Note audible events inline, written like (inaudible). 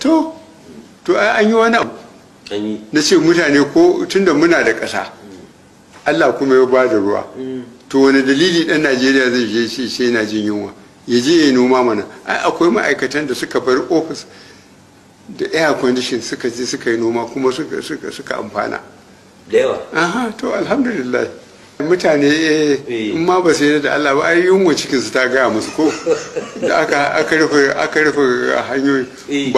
to to ai an yi wani abu na ce mutane ko tunda muna da ƙasa Allah kuma ya ba da ruwa mm. to wani dalili ɗan Najeriya zai je shi sai yana jin yunwa ya je ya noma mana ai akwai ma'aikatan da suka bar ofis da air condition suka je suka yi noma kuma suka amfana da yawa aha to alhamdulillah mutane eh, eh. in ma ba sai da Allah ba ai yunwa cikin su ta gaya musu ko (laughs) da aka rufe aka rufe hanyoyi eh.